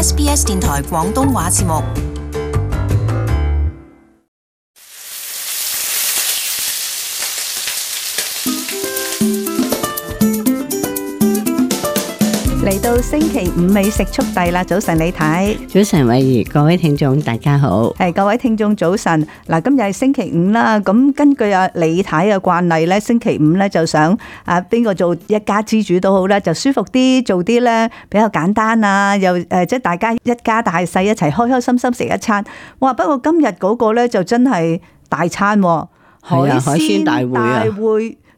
SBS 電台廣東話節目。嚟到星期五美食速遞啦！早晨李太，早晨慧兒，各位聽眾大家好。係各位聽眾早晨。嗱，今日係星期五啦。咁根據阿李太嘅慣例咧，星期五咧就想啊，邊個做一家之主都好咧，就舒服啲做啲咧，比較簡單啊，又誒即係大家一家大細一齊開開心心食一餐。哇！不過今日嗰個咧就真係大餐，海海鮮大會啊！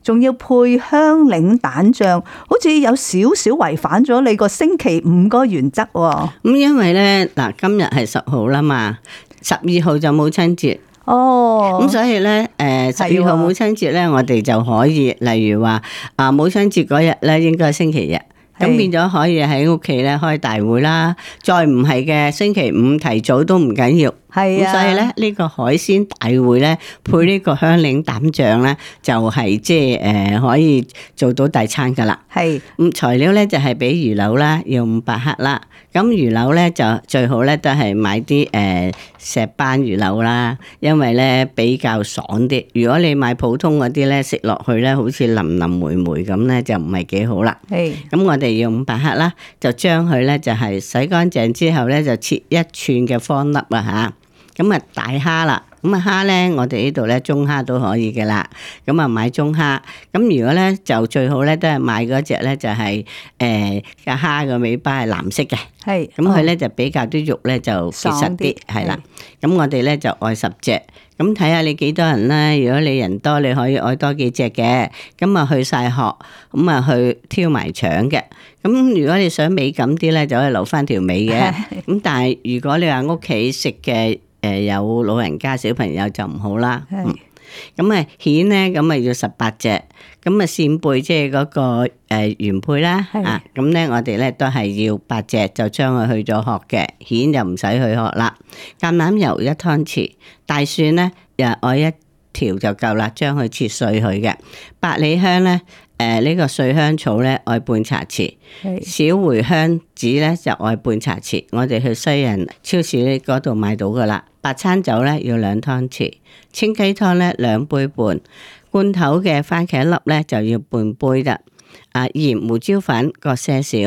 仲要配香檸蛋醬，好似有少少違反咗你個星期五嗰個原則。咁因為呢，嗱今日係十號啦嘛，十二號就母親節。哦，咁所以呢，誒十二號母親節呢，我哋就可以，的例如話啊母親節嗰日呢，應該係星期日，咁的變咗可以喺屋企咧，開大會啦。再唔係嘅星期五提早都唔緊要。係咁所以咧，呢個海鮮大會咧，配呢個香檸膽醬咧，就係即係誒可以做到大餐噶啦。係咁材料咧就係俾魚柳啦，用五百克啦。咁魚柳咧就最好咧都係買啲誒石斑魚柳啦，因為咧比較爽啲。如果你買普通嗰啲咧，食落去咧好似腍腍黴黴咁咧，就唔係幾好啦。係咁，我哋用五百克啦，就將佢咧就係洗乾淨之後咧，就切一寸嘅方粒啦嚇。咁啊大蝦啦，咁啊蝦咧，我哋呢度咧中蝦都可以嘅啦。咁啊買中蝦，咁如果咧就最好咧都係買嗰隻咧就係誒個蝦個尾巴係藍色嘅，係咁佢咧就比較啲肉咧就結實啲，係啦。咁的的我哋咧就愛十隻，咁睇下你幾多人啦。如果你人多，你可以愛多幾隻嘅。咁啊去晒殼，咁啊去挑埋腸嘅。咁如果你想美感啲咧，就可以留翻條尾嘅。咁但係如果你話屋企食嘅。誒，有老人家小朋友就唔好啦。係，咁啊蜆咧，咁啊要十八隻，咁啊扇貝即係嗰個誒、呃、原配啦。係是，咁咧、啊、我哋咧都係要八隻，就將佢去咗殼嘅，蜆就唔使去殼啦。橄欖油一湯匙，大蒜咧又愛一條就夠啦，將佢切碎佢嘅，百里香咧。誒，呢個碎香草咧，愛半茶匙；是小茴香籽咧就愛半茶匙。我哋去西人超市嗰度買到噶啦。白餐酒咧要兩湯匙，清雞湯咧兩杯半，罐頭嘅番茄粒咧就要半杯得。啊，鹽胡椒粉各些少。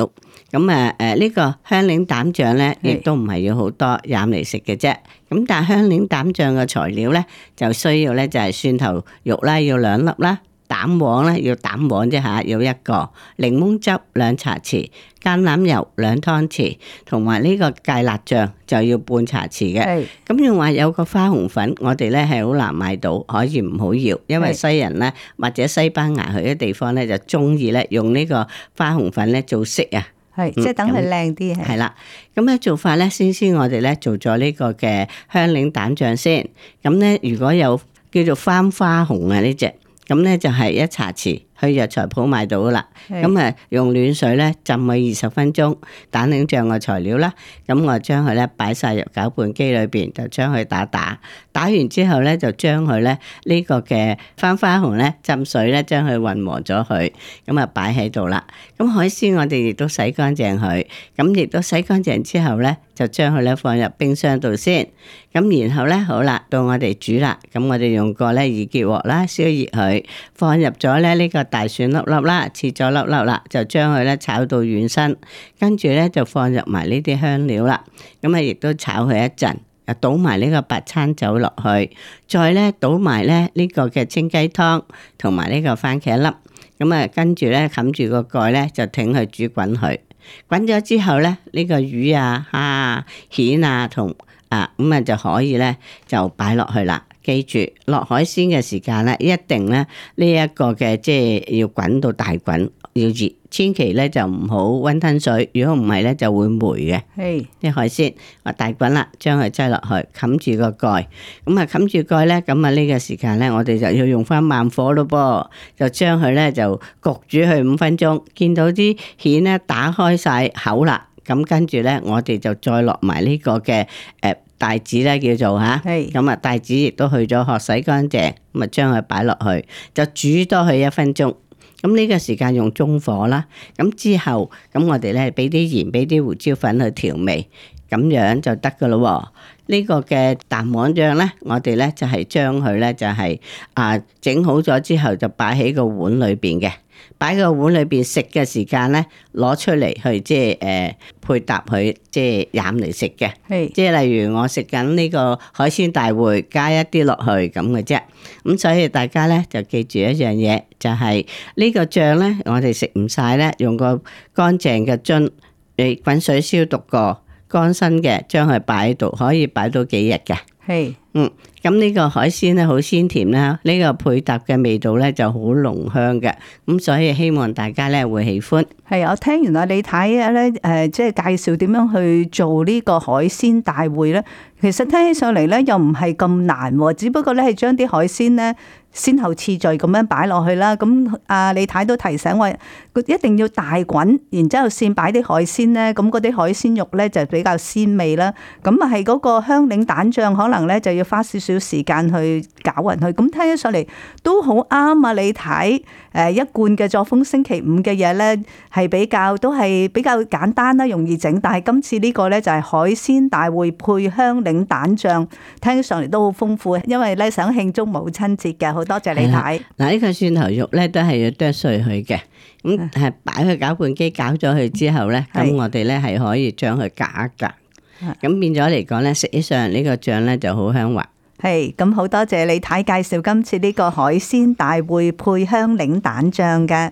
咁啊，誒、這、呢個香檸膽醬咧亦都唔係要好多，飲嚟食嘅啫。咁但係香檸膽醬嘅材料咧就需要咧就係蒜頭肉啦，要兩粒啦。蛋黃咧要蛋黃啫嚇，有一個檸檬汁兩茶匙，橄欖油兩湯匙，同埋呢個芥辣醬就要半茶匙嘅。咁仲話有個花紅粉，我哋咧係好難買到，可以唔好要，要，因為西人咧是或者西班牙去啲地方咧就中意咧用呢個花紅粉咧做色啊。係，即係等佢靚啲。係啦、嗯，咁咧做法咧，先先我哋咧做咗呢個嘅香檸蛋醬先。咁咧如果有叫做番花紅啊呢隻。咁咧就係一茶匙去藥材鋪買到啦，咁誒是用暖水咧浸佢二十分鐘，蛋撻醬嘅材料啦，咁我將佢咧擺晒入攪拌機裏邊，就將佢打打，打完之後咧就將佢咧呢個嘅番花紅咧浸水咧將佢混和咗佢，咁啊擺喺度啦，咁海鮮我哋亦都洗乾淨佢，咁亦都洗乾淨之後咧。就將佢咧放入冰箱度先，咁然後咧好啦，到我哋煮啦，咁我哋用個咧易潔鑊啦，燒熱佢，放入咗咧呢個大蒜粒粒啦，切咗粒粒啦，就將佢咧炒到軟身，跟住咧就放入埋呢啲香料啦，咁啊亦都炒佢一陣，又倒埋呢個白餐酒落去，再咧倒埋咧呢個嘅清雞湯同埋呢個番茄粒，咁啊跟住咧冚住個蓋咧就挺佢煮滾佢。滾咗之後咧，呢個魚啊、蝦啊、蜆啊同啊咁啊就可以咧就擺落去啦。記住落海鮮嘅時間咧，一定咧呢一個嘅即係要滾到大滾，要熱。千祈咧就唔好温吞水，如果唔係咧就會霉嘅。啲 Hey. 海鮮，我大滾啦，將佢擠落去，冚住個蓋。咁啊冚住蓋咧，咁啊呢個時間咧，我哋就要用翻慢火咯噃，就將佢咧就焗煮去五分鐘，見到啲蜆咧打開晒口啦。咁跟住咧，我哋就再落埋呢個嘅誒帶子咧，叫做吓。咁啊帶子亦都去咗殼洗乾淨，咁啊將佢擺落去，就煮多佢一分鐘。咁呢個時間用中火啦，咁之後，咁我哋咧俾啲鹽，俾啲胡椒粉去調味，咁樣就得噶咯。呢個嘅蛋黃醬咧，我哋咧就係將佢咧就係啊整好咗之後就擺喺個碗裏邊嘅。擺個碗裏邊食嘅時間咧，攞出嚟去即係誒配搭佢、就是、是即係飲嚟食嘅。即係例如我食緊呢個海鮮大會，加一啲落去咁嘅啫。咁所以大家咧就記住一樣嘢，就係、是、呢個醬咧，我哋食唔晒咧，用個乾淨嘅樽，你滾水消毒過乾身嘅，將佢擺喺度，可以擺到幾日嘅。嗯，咁呢個海鮮咧好鮮甜啦，呢個配搭嘅味道咧就好濃香嘅，咁所以希望大家咧會喜歡。係啊，我聽完啊，李太咧誒，即係介紹點樣去做呢個海鮮大會咧。其實聽起上嚟咧又唔係咁難喎，只不過咧係將啲海鮮咧先後次序咁樣擺落去啦。咁啊，李太都提醒我，一定要大滾，然之後先擺啲海鮮咧，咁嗰啲海鮮肉咧就比較鮮味啦。咁啊係嗰個香檳蛋醬，可能咧就要，花少少時間去攪勻佢，咁聽起上嚟都好啱啊。你睇，誒，一貫嘅作風，星期五嘅嘢，咧係比較都係比較簡單啦，容易整。但係今次呢個咧就係海鮮大會配香檸蛋醬，聽起上嚟都好豐富。因為咧想慶祝母親節嘅，好多謝你睇。嗱，呢個蒜頭肉咧都係要剁碎佢嘅，咁係擺去攪拌機攪咗佢之後咧，咁我哋咧係可以將佢夾一夾。咁變咗嚟講咧，實際上呢個醬咧就好香滑。係，咁好多謝李太介紹今次呢個海鮮大會配香檸蛋醬嘅。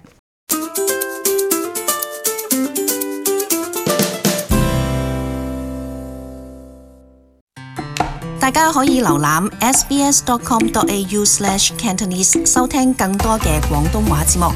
大家可以瀏覽 sbs.com.au/cantonese s inese，收聽更多嘅廣東話節目。